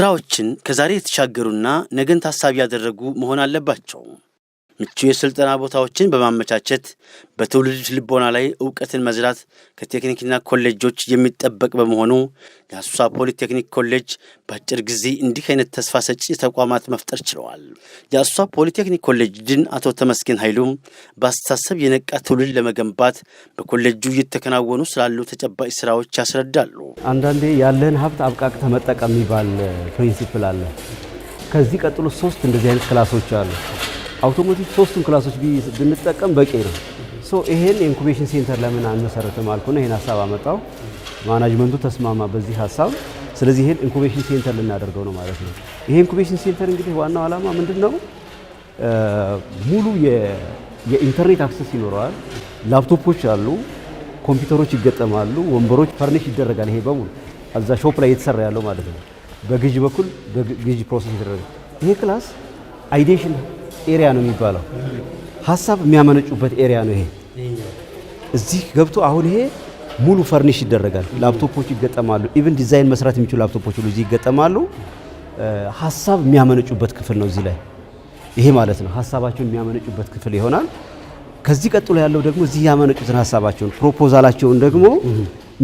ስራዎችን ከዛሬ የተሻገሩና ነገን ታሳቢ ያደረጉ መሆን አለባቸው። ምቹ የስልጠና ቦታዎችን በማመቻቸት በትውልድ ልቦና ላይ እውቀትን መዝራት ከቴክኒክና ኮሌጆች የሚጠበቅ በመሆኑ የአሶሳ ፖሊቴክኒክ ኮሌጅ በአጭር ጊዜ እንዲህ አይነት ተስፋ ሰጪ ተቋማት መፍጠር ችለዋል። የአሶሳ ፖሊቴክኒክ ኮሌጅ ድን አቶ ተመስገን ኃይሉ በአስተሳሰብ የነቃ ትውልድ ለመገንባት በኮሌጁ እየተከናወኑ ስላሉ ተጨባጭ ስራዎች ያስረዳሉ። አንዳንዴ ያለህን ሀብት አብቃቅ ተመጠቀም የሚባል ፕሪንሲፕል አለ። ከዚህ ቀጥሎ ሶስት እንደዚህ አይነት ክላሶች አሉ። አውቶሞቲቭ ሶስቱን ክላሶች ብንጠቀም በቂ ነው። ይሄን የኢንኩቤሽን ሴንተር ለምን አንመሰረትም አልኩና ይሄን ሀሳብ አመጣው። ማናጅመንቱ ተስማማ በዚህ ሀሳብ። ስለዚህ ይሄን ኢንኩቤሽን ሴንተር ልናደርገው ነው ማለት ነው። ይሄ ኢንኩቤሽን ሴንተር እንግዲህ ዋናው ዓላማ ምንድን ነው? ሙሉ የኢንተርኔት አክሰስ ይኖረዋል። ላፕቶፖች አሉ፣ ኮምፒውተሮች ይገጠማሉ፣ ወንበሮች ፈርኒሽ ይደረጋል። ይሄ በሙሉ እዛ ሾፕ ላይ የተሰራ ያለው ማለት ነው። በግዥ በኩል በግዥ ፕሮሰስ ይደረጋል። ይሄ ክላስ አይዴሽን ኤሪያ ነው የሚባለው። ሀሳብ የሚያመነጩበት ኤሪያ ነው ይሄ። እዚህ ገብቶ አሁን ይሄ ሙሉ ፈርኒሽ ይደረጋል። ላፕቶፖች ይገጠማሉ። ኢቭን ዲዛይን መስራት የሚችሉ ላፕቶፖች እዚህ ይገጠማሉ። ሀሳብ የሚያመነጩበት ክፍል ነው እዚህ ላይ ይሄ ማለት ነው። ሀሳባቸውን የሚያመነጩበት ክፍል ይሆናል። ከዚህ ቀጥሎ ያለው ደግሞ እዚህ ያመነጩትን ሀሳባቸውን ፕሮፖዛላቸውን ደግሞ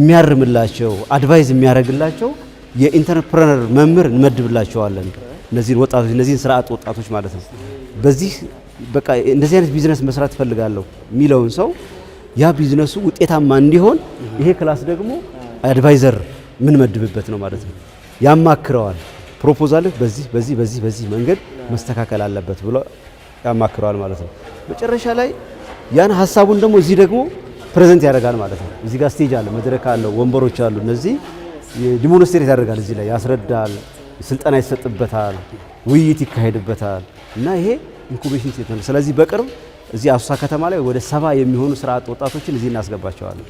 የሚያርምላቸው አድቫይዝ የሚያደርግላቸው የኢንተርፕረነር መምህር እንመድብላቸዋለን። እነዚህን ወጣቶች እነዚህን ስራ ወጣቶች ማለት ነው። በዚህ በቃ እንደዚህ አይነት ቢዝነስ መስራት እፈልጋለሁ የሚለውን ሰው ያ ቢዝነሱ ውጤታማ እንዲሆን ይሄ ክላስ ደግሞ አድቫይዘር የምንመድብበት ነው ማለት ነው። ያማክረዋል። ፕሮፖዛልህ በዚህ በዚህ በዚህ በዚህ መንገድ መስተካከል አለበት ብሎ ያማክረዋል ማለት ነው። መጨረሻ ላይ ያን ሀሳቡን ደግሞ እዚህ ደግሞ ፕሬዘንት ያደርጋል ማለት ነው። እዚህ ጋር ስቴጅ አለ፣ መድረክ አለ፣ ወንበሮች አሉ። እነዚህ ዲሞንስትሬት ያደርጋል። እዚህ ላይ ያስረዳል፣ ስልጠና ይሰጥበታል፣ ውይይት ይካሄድበታል። እና ይሄ ኢንኩቤሽን ሴንተር ነው። ስለዚህ በቅርብ እዚህ አሶሳ ከተማ ላይ ወደ ሰባ የሚሆኑ ስራ አጥ ወጣቶችን እዚህ እናስገባቸዋለን።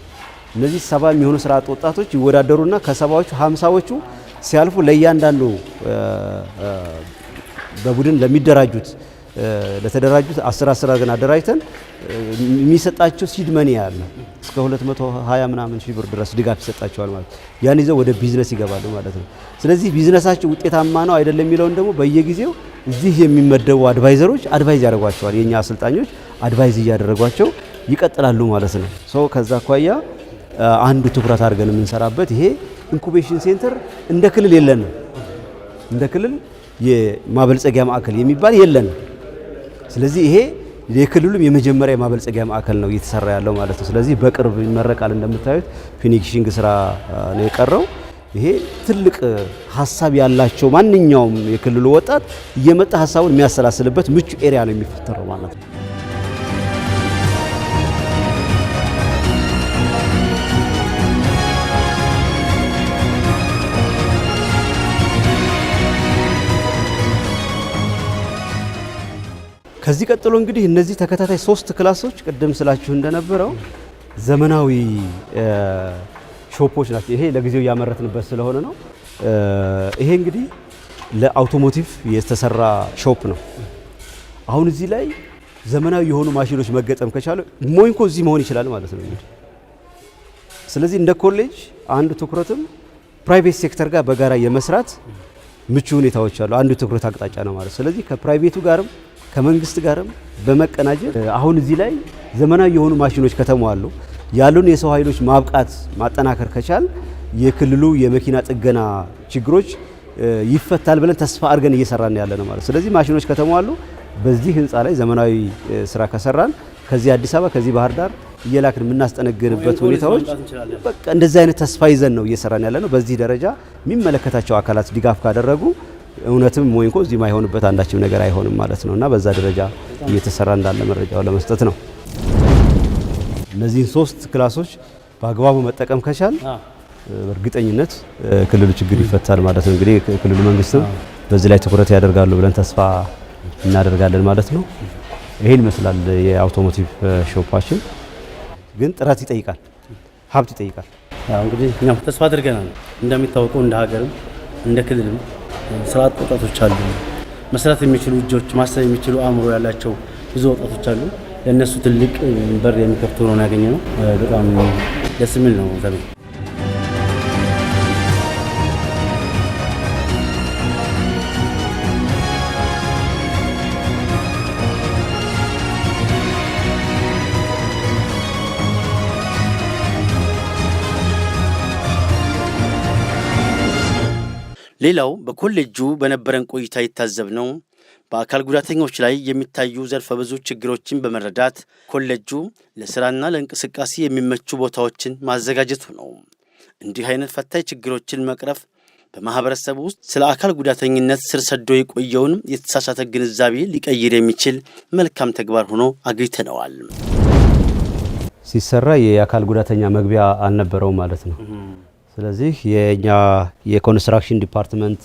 እነዚህ ሰባ የሚሆኑ ስራ አጥ ወጣቶች ይወዳደሩና ከሰባዎቹ ሀምሳዎቹ ሲያልፉ ለእያንዳንዱ በቡድን ለሚደራጁት ለተደራጁት አስር አስር አድርገን አደራጅተን የሚሰጣቸው ሲድ መኒ ያለ እስከ 220 ምናምን ሺህ ብር ድረስ ድጋፍ ይሰጣቸዋል ማለት ያን ይዘው ወደ ቢዝነስ ይገባሉ ማለት ነው። ስለዚህ ቢዝነሳቸው ውጤታማ ነው አይደለም የሚለውን ደግሞ በየጊዜው እዚህ የሚመደቡ አድቫይዘሮች አድቫይዝ ያደርጓቸዋል። የእኛ አሰልጣኞች አድቫይዝ እያደረጓቸው ይቀጥላሉ ማለት ነው። ሶ ከዛ አኳያ አንዱ ትኩረት አድርገን የምንሰራበት ይሄ ኢንኩቤሽን ሴንተር እንደ ክልል የለንም። እንደ ክልል የማበልጸጊያ ማዕከል የሚባል የለንም። ስለዚህ ይሄ የክልሉም የመጀመሪያ የማበልጸጊያ ማዕከል ነው እየተሰራ ያለው ማለት ነው። ስለዚህ በቅርብ ይመረቃል። እንደምታዩት ፊኒሽንግ ስራ ነው የቀረው። ይሄ ትልቅ ሀሳብ ያላቸው ማንኛውም የክልሉ ወጣት እየመጣ ሀሳቡን የሚያሰላስልበት ምቹ ኤሪያ ነው የሚፈጠረው ማለት ነው። ከዚህ ቀጥሎ እንግዲህ እነዚህ ተከታታይ ሶስት ክላሶች ቅድም ስላችሁ እንደነበረው ዘመናዊ ሾፖች ናቸው። ይሄ ለጊዜው እያመረትንበት ስለሆነ ነው። ይሄ እንግዲህ ለአውቶሞቲቭ የተሰራ ሾፕ ነው። አሁን እዚህ ላይ ዘመናዊ የሆኑ ማሽኖች መገጠም ከቻለ ሞይንኮ እዚህ መሆን ይችላል ማለት ነው። ስለዚህ እንደ ኮሌጅ አንዱ ትኩረትም ፕራይቬት ሴክተር ጋር በጋራ የመስራት ምቹ ሁኔታዎች አሉ። አንዱ ትኩረት አቅጣጫ ነው ማለት ስለዚህ ከፕራይቬቱ ጋርም ከመንግስት ጋርም በመቀናጀት አሁን እዚህ ላይ ዘመናዊ የሆኑ ማሽኖች ከተማው አሉ። ያሉን የሰው ኃይሎች ማብቃት ማጠናከር ከቻል የክልሉ የመኪና ጥገና ችግሮች ይፈታል ብለን ተስፋ አድርገን እየሰራን ያለ ነው ማለት። ስለዚህ ማሽኖች ከተሟሉ በዚህ ህንፃ ላይ ዘመናዊ ስራ ከሰራን ከዚህ አዲስ አበባ ከዚህ ባህር ዳር እየላክን የምናስጠነግንበት ሁኔታዎች በቃ እንደዚህ አይነት ተስፋ ይዘን ነው እየሰራን ያለ ነው። በዚህ ደረጃ የሚመለከታቸው አካላት ድጋፍ ካደረጉ እውነትም ሞይንኮ እዚህ ማይሆንበት አንዳችም ነገር አይሆንም ማለት ነው እና በዛ ደረጃ እየተሰራ እንዳለ መረጃው ለመስጠት ነው። እነዚህን ሶስት ክላሶች በአግባቡ መጠቀም ከቻል እርግጠኝነት ክልሉ ችግር ይፈታል ማለት ነው። እንግዲህ ክልሉ መንግስትም በዚህ ላይ ትኩረት ያደርጋሉ ብለን ተስፋ እናደርጋለን ማለት ነው። ይሄን ይመስላል የአውቶሞቲቭ ሾፓችን። ግን ጥረት ይጠይቃል፣ ሀብት ይጠይቃል። እንግዲህ እኛም ተስፋ አድርገናል። እንደሚታወቀው እንደ ሀገርም እንደ ክልልም ስርዓት ወጣቶች አሉ። መስራት የሚችሉ እጆች፣ ማሰብ የሚችሉ አእምሮ ያላቸው ብዙ ወጣቶች አሉ። ለእነሱ ትልቅ በር የሚከፍት ሆኖ ያገኘ ነው። በጣም ደስ የሚል ነው ዘመን ሌላው በኮሌጁ በነበረን ቆይታ ይታዘብ ነው በአካል ጉዳተኞች ላይ የሚታዩ ዘርፈ ብዙ ችግሮችን በመረዳት ኮሌጁ ለስራና ለእንቅስቃሴ የሚመቹ ቦታዎችን ማዘጋጀቱ ነው። እንዲህ አይነት ፈታኝ ችግሮችን መቅረፍ በማህበረሰብ ውስጥ ስለ አካል ጉዳተኝነት ስር ሰዶ የቆየውን የተሳሳተ ግንዛቤ ሊቀይር የሚችል መልካም ተግባር ሆኖ አግኝተነዋል። ሲሰራ የአካል ጉዳተኛ መግቢያ አልነበረው ማለት ነው። ስለዚህ የኛ የኮንስትራክሽን ዲፓርትመንት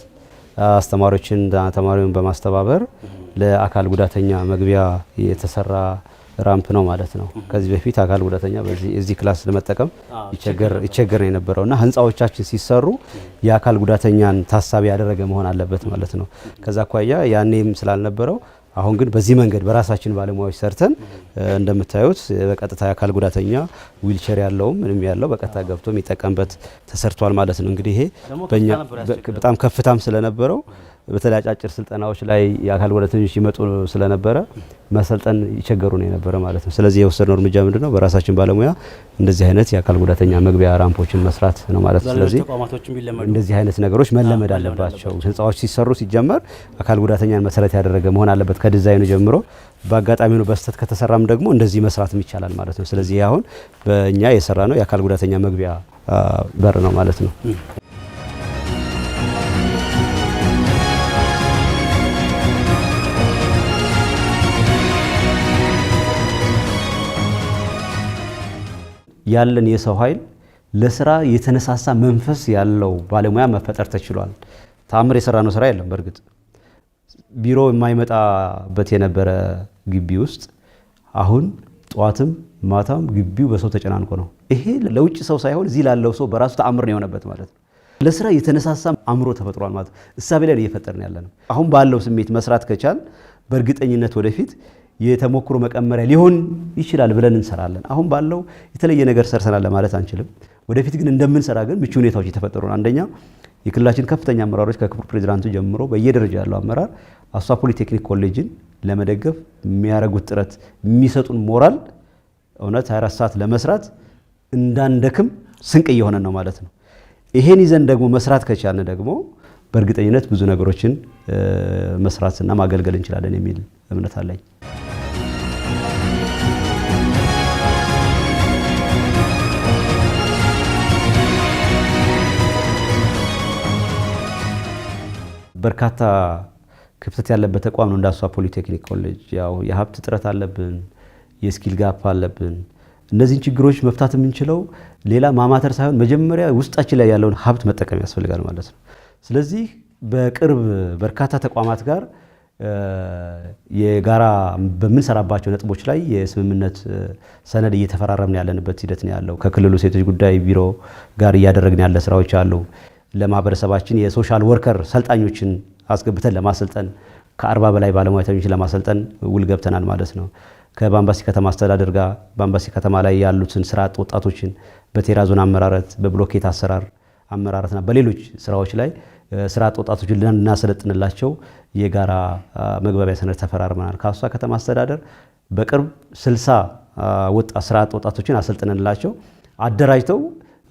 አስተማሪዎችን ተማሪውን በማስተባበር ለአካል ጉዳተኛ መግቢያ የተሰራ ራምፕ ነው ማለት ነው። ከዚህ በፊት አካል ጉዳተኛ እዚህ ክላስ ለመጠቀም ይቸገር ነው የነበረው እና ህንፃዎቻችን ሲሰሩ የአካል ጉዳተኛን ታሳቢ ያደረገ መሆን አለበት ማለት ነው። ከዛ አኳያ ያኔም ስላልነበረው አሁን ግን በዚህ መንገድ በራሳችን ባለሙያዎች ሰርተን እንደምታዩት በቀጥታ የአካል ጉዳተኛ ዊልቸር ያለውም ምንም ያለው በቀጥታ ገብቶ የሚጠቀምበት ተሰርቷል ማለት ነው። እንግዲህ ይሄ በጣም ከፍታም ስለነበረው በተለይ አጫጭር ስልጠናዎች ላይ የአካል ጉዳተኞች ይመጡ ስለነበረ መሰልጠን ይቸገሩ ነው የነበረ ማለት ነው። ስለዚህ የወሰድነው እርምጃ ምንድን ነው? በራሳችን ባለሙያ እንደዚህ አይነት የአካል ጉዳተኛ መግቢያ ራምፖችን መስራት ነው ማለት ነው። ስለዚህ እንደዚህ አይነት ነገሮች መለመድ አለባቸው። ህንፃዎች ሲሰሩ ሲጀመር አካል ጉዳተኛን መሰረት ያደረገ መሆን አለበት ከዲዛይኑ ጀምሮ። በአጋጣሚ ነው በስተት ከተሰራም ደግሞ እንደዚህ መስራትም ይቻላል ማለት ነው። ስለዚህ አሁን በእኛ የሰራ ነው የአካል ጉዳተኛ መግቢያ በር ነው ማለት ነው። ያለን የሰው ኃይል ለስራ የተነሳሳ መንፈስ ያለው ባለሙያ መፈጠር ተችሏል። ታምር የሰራ ነው ስራ የለም። በእርግጥ ቢሮ የማይመጣበት የነበረ ግቢ ውስጥ አሁን ጠዋትም ማታም ግቢው በሰው ተጨናንቆ ነው። ይሄ ለውጭ ሰው ሳይሆን እዚህ ላለው ሰው በራሱ ተአምር ነው የሆነበት ማለት ነው። ለስራ የተነሳሳ አእምሮ ተፈጥሯል ማለት ነው። እሳቤ ላይ እየፈጠርን ያለ ነው። አሁን ባለው ስሜት መስራት ከቻል በእርግጠኝነት ወደፊት የተሞክሮ መቀመሪያ ሊሆን ይችላል ብለን እንሰራለን። አሁን ባለው የተለየ ነገር ሰርሰናል ለማለት አንችልም። ወደፊት ግን እንደምንሰራ ግን ምቹ ሁኔታዎች የተፈጠሩ ነው። አንደኛ የክልላችን ከፍተኛ አመራሮች ከክቡር ፕሬዚዳንቱ ጀምሮ በየደረጃ ያለው አመራር አሶሳ ፖሊቴክኒክ ኮሌጅን ለመደገፍ የሚያደርጉት ጥረት የሚሰጡን ሞራል እውነት 24 ሰዓት ለመስራት እንዳንደክም ስንቅ እየሆነ ነው ማለት ነው። ይሄን ይዘን ደግሞ መስራት ከቻልን ደግሞ በእርግጠኝነት ብዙ ነገሮችን መስራትና ማገልገል እንችላለን የሚል እምነት አለኝ። በርካታ ክፍተት ያለበት ተቋም ነው። እንዳሷ ፖሊቴክኒክ ኮሌጅ ያው የሀብት እጥረት አለብን፣ የስኪል ጋፕ አለብን። እነዚህን ችግሮች መፍታት የምንችለው ሌላ ማማተር ሳይሆን መጀመሪያ ውስጣችን ላይ ያለውን ሀብት መጠቀም ያስፈልጋል ማለት ነው። ስለዚህ በቅርብ በርካታ ተቋማት ጋር የጋራ በምንሰራባቸው ነጥቦች ላይ የስምምነት ሰነድ እየተፈራረምን ያለንበት ሂደት ነው ያለው። ከክልሉ ሴቶች ጉዳይ ቢሮ ጋር እያደረግን ያለ ስራዎች አሉ። ለማህበረሰባችን የሶሻል ወርከር ሰልጣኞችን አስገብተን ለማሰልጠን ከአርባ በላይ ባለሙያተኞችን ለማሰልጠን ውል ገብተናል ማለት ነው። ከባምባሲ ከተማ አስተዳደር ጋር ባምባሲ ከተማ ላይ ያሉትን ስራ አጥ ወጣቶችን በቴራ ዞን አመራረት፣ በብሎኬት አሰራር አመራረትና በሌሎች ስራዎች ላይ ስራ አጥ ወጣቶችን ልናሰለጥንላቸው የጋራ መግባቢያ ሰነድ ተፈራርመናል። ከአሶሳ ከተማ አስተዳደር በቅርብ ስልሳ ወጣ ስራ አጥ ወጣቶችን አሰልጥንላቸው አደራጅተው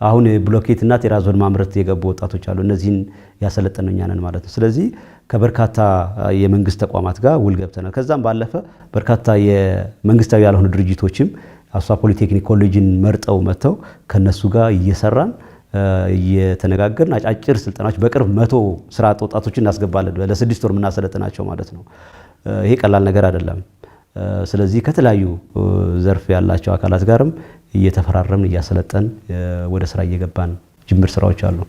አሁን ብሎኬትና ቴራዞን ማምረት የገቡ ወጣቶች አሉ። እነዚህን ያሰለጠነው እኛ ነን ማለት ነው። ስለዚህ ከበርካታ የመንግስት ተቋማት ጋር ውል ገብተናል። ከዛም ባለፈ በርካታ የመንግስታዊ ያልሆኑ ድርጅቶችም አሶሳ ፖሊቴክኒክ ኮሌጅን መርጠው መጥተው ከነሱ ጋር እየሰራን እየተነጋገርን አጫጭር ስልጠናዎች በቅርብ መቶ ስራ አጥ ወጣቶችን እናስገባለን። ለስድስት ወር የምናሰለጥናቸው ማለት ነው። ይሄ ቀላል ነገር አይደለም። ስለዚህ ከተለያዩ ዘርፍ ያላቸው አካላት ጋርም እየተፈራረምን እያሰለጠን ወደ ስራ እየገባን ጅምር ስራዎች አሉ።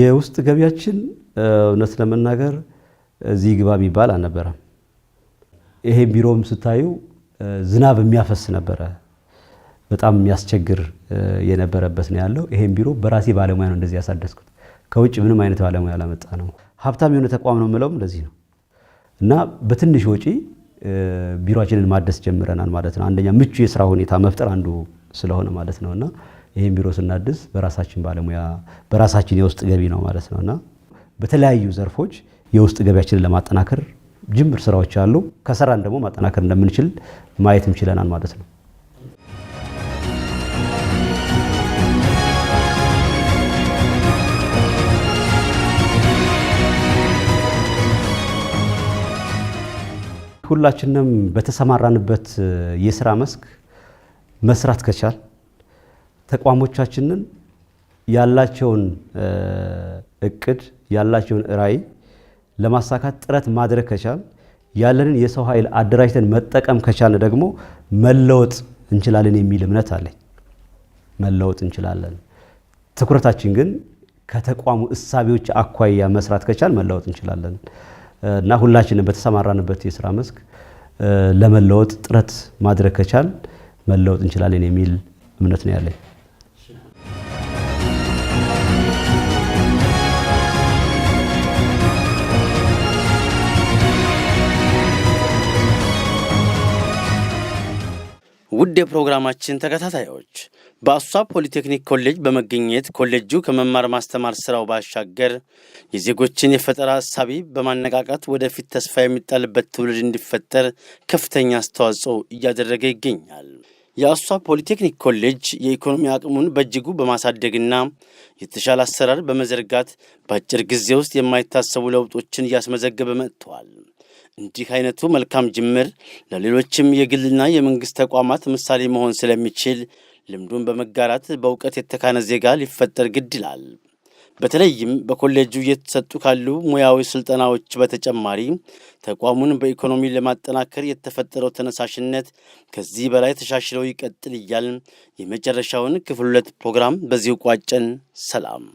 የውስጥ ገቢያችን እውነት ለመናገር እዚህ ግባ የሚባል አልነበረም። ይሄ ቢሮም ስታዩ ዝናብ የሚያፈስ ነበረ። በጣም የሚያስቸግር የነበረበት ነው ያለው። ይሄም ቢሮ በራሴ ባለሙያ ነው እንደዚህ ያሳደስኩት። ከውጭ ምንም አይነት ባለሙያ አላመጣ ነው። ሀብታም የሆነ ተቋም ነው የምለውም እንደዚህ ነው እና በትንሽ ወጪ ቢሮችንን ማደስ ጀምረናል ማለት ነው። አንደኛ ምቹ የስራ ሁኔታ መፍጠር አንዱ ስለሆነ ማለት ነው እና ይህን ቢሮ ስናድስ በራሳችን ባለሙያ በራሳችን የውስጥ ገቢ ነው ማለት ነው እና በተለያዩ ዘርፎች የውስጥ ገቢያችንን ለማጠናከር ጅምር ስራዎች አሉ። ከሰራን ደግሞ ማጠናከር እንደምንችል ማየትም ችለናል ማለት ነው። ሁላችንም በተሰማራንበት የስራ መስክ መስራት ከቻል ተቋሞቻችንን ያላቸውን እቅድ ያላቸውን ራዕይ ለማሳካት ጥረት ማድረግ ከቻል ያለንን የሰው ኃይል አደራጅተን መጠቀም ከቻል ደግሞ መለወጥ እንችላለን የሚል እምነት አለኝ። መለወጥ እንችላለን። ትኩረታችን ግን ከተቋሙ እሳቤዎች አኳያ መስራት ከቻል መለወጥ እንችላለን። እና ሁላችንም በተሰማራንበት የስራ መስክ ለመለወጥ ጥረት ማድረግ ከቻል መለወጥ እንችላለን የሚል እምነት ነው ያለኝ። ውድ የፕሮግራማችን ተከታታዮች በአሶሳ ፖሊቴክኒክ ኮሌጅ በመገኘት ኮሌጁ ከመማር ማስተማር ስራው ባሻገር የዜጎችን የፈጠራ ሀሳቢ በማነቃቃት ወደፊት ተስፋ የሚጣልበት ትውልድ እንዲፈጠር ከፍተኛ አስተዋጽኦ እያደረገ ይገኛል። የአሶሳ ፖሊቴክኒክ ኮሌጅ የኢኮኖሚ አቅሙን በእጅጉ በማሳደግና የተሻለ አሰራር በመዘርጋት በአጭር ጊዜ ውስጥ የማይታሰቡ ለውጦችን እያስመዘገበ መጥተዋል። እንዲህ አይነቱ መልካም ጅምር ለሌሎችም የግልና የመንግሥት ተቋማት ምሳሌ መሆን ስለሚችል ልምዱን በመጋራት በእውቀት የተካነ ዜጋ ሊፈጠር ግድ ይላል። በተለይም በኮሌጁ እየተሰጡ ካሉ ሙያዊ ስልጠናዎች በተጨማሪ ተቋሙን በኢኮኖሚ ለማጠናከር የተፈጠረው ተነሳሽነት ከዚህ በላይ ተሻሽለው ይቀጥል እያል የመጨረሻውን ክፍል ሁለት ፕሮግራም በዚሁ ቋጨን። ሰላም።